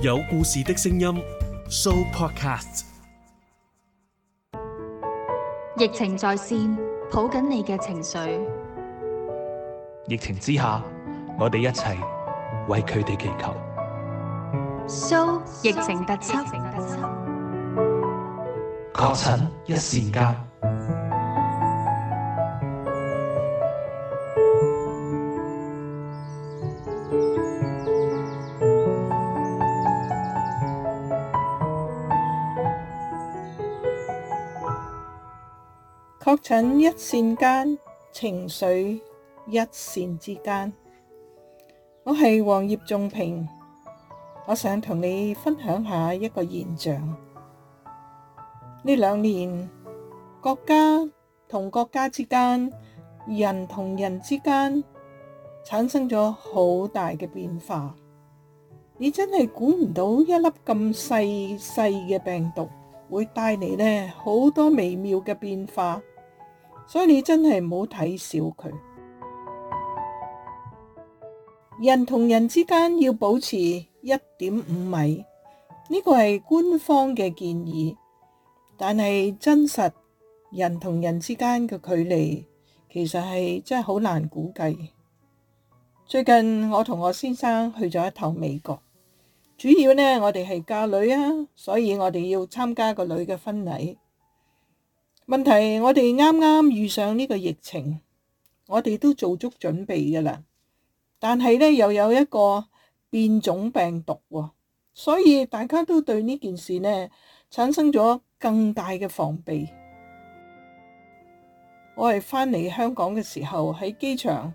有故事的聲音，So Podcast。疫情在線，抱緊你嘅情緒。疫情之下，我哋一齊為佢哋祈求。So 疫情特輯，確診一線間。一線間，情緒一線之間。我係黃葉仲平，我想同你分享下一個現象。呢兩年，國家同國家之間，人同人之間，產生咗好大嘅變化。你真係估唔到一粒咁細細嘅病毒，會帶嚟呢好多微妙嘅變化。所以你真係唔好睇小佢。人同人之間要保持一點五米，呢個係官方嘅建議。但係真實人同人之間嘅距離其實係真係好難估計。最近我同我先生去咗一趟美國，主要呢，我哋係嫁女啊，所以我哋要參加個女嘅婚禮。問題我哋啱啱遇上呢個疫情，我哋都做足準備噶啦，但係呢，又有一個變種病毒喎，所以大家都對呢件事呢產生咗更大嘅防備。我係返嚟香港嘅時候，喺機場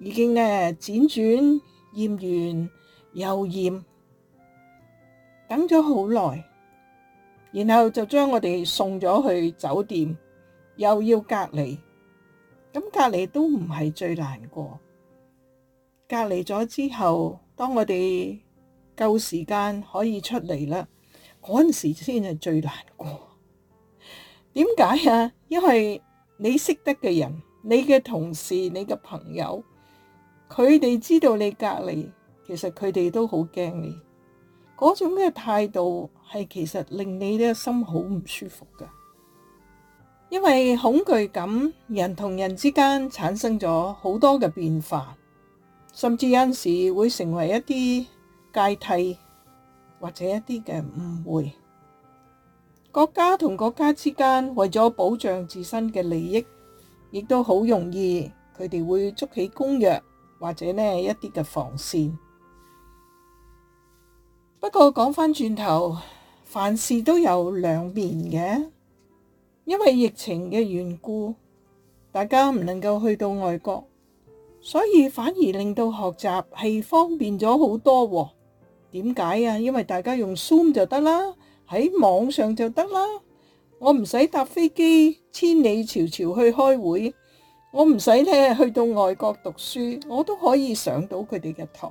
已經呢輾轉驗完又驗，等咗好耐。然後就將我哋送咗去酒店，又要隔離。咁隔離都唔係最難過，隔離咗之後，當我哋夠時間可以出嚟啦，嗰陣時先係最難過。點解啊？因為你識得嘅人、你嘅同事、你嘅朋友，佢哋知道你隔離，其實佢哋都好驚你。嗰種嘅態度係其實令你嘅心好唔舒服嘅，因為恐懼感，人同人之間產生咗好多嘅變化，甚至有陣時會成為一啲芥蒂或者一啲嘅誤會。國家同國家之間為咗保障自身嘅利益，亦都好容易佢哋會築起公約或者呢一啲嘅防線。不過講返轉頭，凡事都有兩面嘅，因為疫情嘅緣故，大家唔能夠去到外國，所以反而令到學習係方便咗好多喎。點解啊？因為大家用 Zoom 就得啦，喺網上就得啦。我唔使搭飛機千里迢迢去開會，我唔使聽日去到外國讀書，我都可以上到佢哋嘅堂。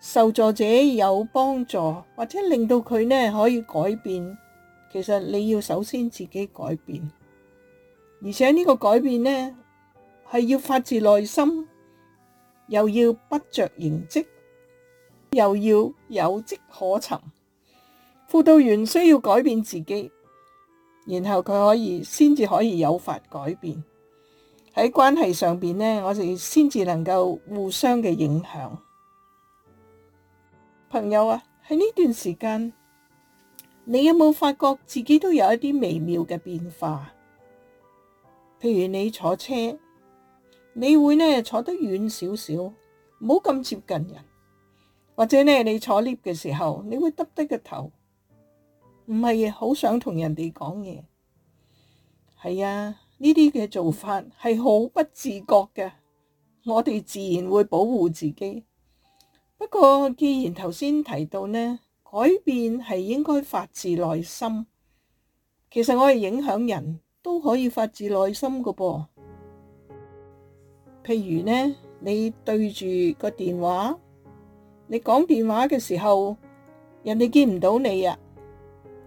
受助者有幫助，或者令到佢呢可以改變。其實你要首先自己改變，而且呢個改變呢係要發自內心，又要不着形跡，又要有跡可尋。輔導員需要改變自己，然後佢可以先至可以有法改變。喺關係上邊呢，我哋先至能夠互相嘅影響。朋友啊，喺呢段時間，你有冇發覺自己都有一啲微妙嘅變化？譬如你坐車，你會呢坐得遠少少，唔好咁接近人；或者呢你坐 lift 嘅時候，你會耷低個頭，唔係好想同人哋講嘢。係啊，呢啲嘅做法係好不自覺嘅，我哋自然會保護自己。不過，既然頭先提到呢，改變係應該發自內心。其實我哋影響人都可以發自內心㗎噃。譬如呢，你對住個電話，你講電話嘅時候，人哋見唔到你啊。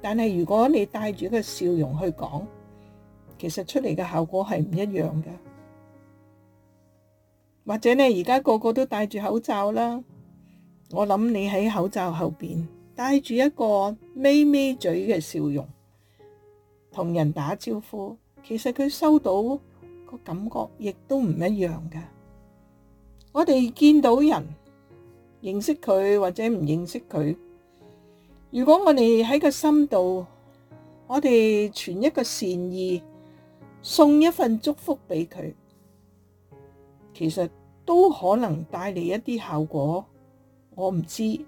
但係如果你帶住個笑容去講，其實出嚟嘅效果係唔一樣嘅。或者呢，而家個個都戴住口罩啦。我諗你喺口罩後邊帶住一個咪咪嘴嘅笑容同人打招呼，其實佢收到個感覺亦都唔一樣㗎。我哋見到人，認識佢或者唔認識佢，如果我哋喺個心度，我哋存一個善意，送一份祝福俾佢，其實都可能帶嚟一啲效果。我唔知，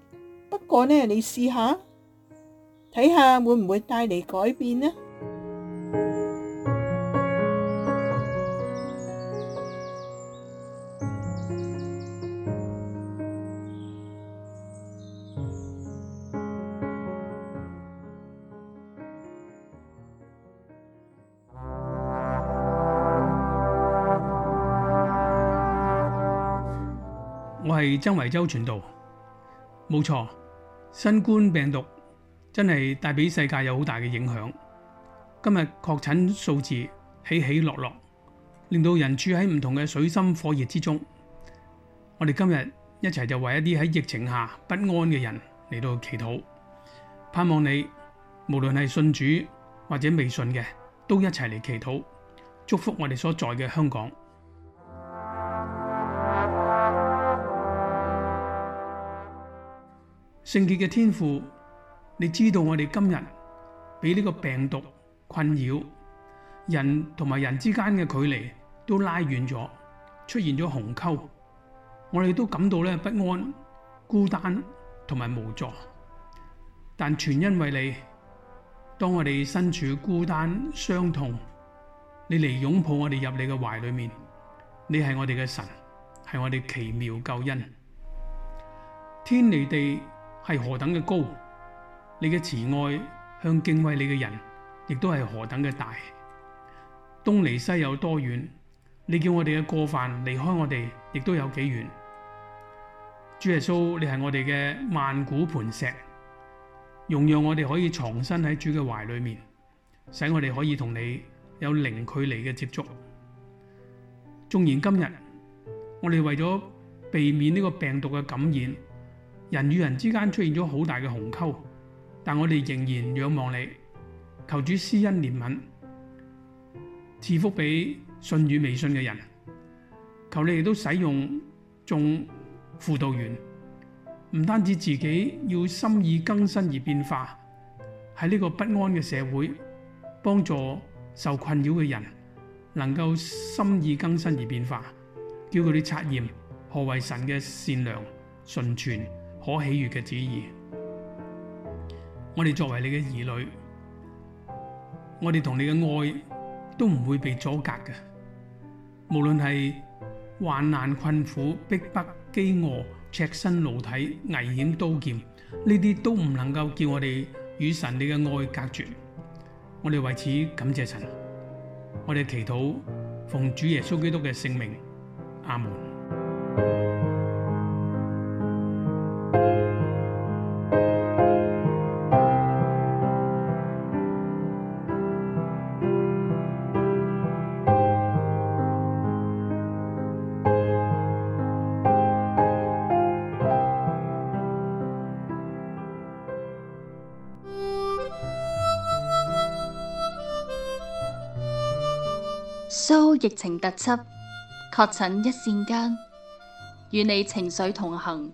不過呢，你試下睇下會唔會帶嚟改變呢？我係曾維洲傳道。冇錯，新冠病毒真係帶俾世界有好大嘅影響。今日確診數字起起落落，令到人處喺唔同嘅水深火熱之中。我哋今日一齊就為一啲喺疫情下不安嘅人嚟到祈禱，盼望你無論係信主或者未信嘅，都一齊嚟祈禱，祝福我哋所在嘅香港。聖潔嘅天父，你知道我哋今日俾呢個病毒困擾，人同埋人之間嘅距離都拉遠咗，出現咗鴻溝，我哋都感到咧不安、孤單同埋無助。但全因為你，當我哋身處孤單、傷痛，你嚟擁抱我哋入你嘅懷裏面，你係我哋嘅神，係我哋奇妙救恩，天離地，係何等嘅高，你嘅慈愛向敬畏你嘅人，亦都係何等嘅大。東離西有多遠，你叫我哋嘅過犯離開我哋，亦都有幾遠。主耶穌，你係我哋嘅萬古磐石，容讓我哋可以藏身喺主嘅懷裏面，使我哋可以同你有零距離嘅接觸。縱然今日我哋為咗避免呢個病毒嘅感染。人與人之間出現咗好大嘅鴻溝，但我哋仍然仰望你，求主施恩憐憫，賜福俾信與未信嘅人。求你亦都使用眾輔導員，唔單止自己要心意更新而變化，喺呢個不安嘅社會，幫助受困擾嘅人能夠心意更新而變化，叫佢哋察驗何為神嘅善良純全、可喜悅嘅旨意，我哋作為你嘅兒女，我哋同你嘅愛都唔會被阻隔嘅。無論係患難困苦、逼迫、飢餓、赤身露體、危險刀劍，呢啲都唔能夠叫我哋與神你嘅愛隔絕。我哋為此感謝神，我哋祈禱，奉主耶穌基督嘅聖名，阿門。遭、so，疫情特輯，確診一線間，與你情緒同行，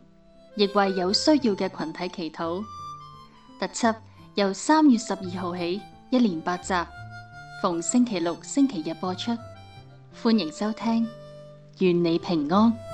亦為有需要嘅群體祈禱。特輯由三月十二號起，一連八集，逢星期六、星期日播出，歡迎收聽，願你平安。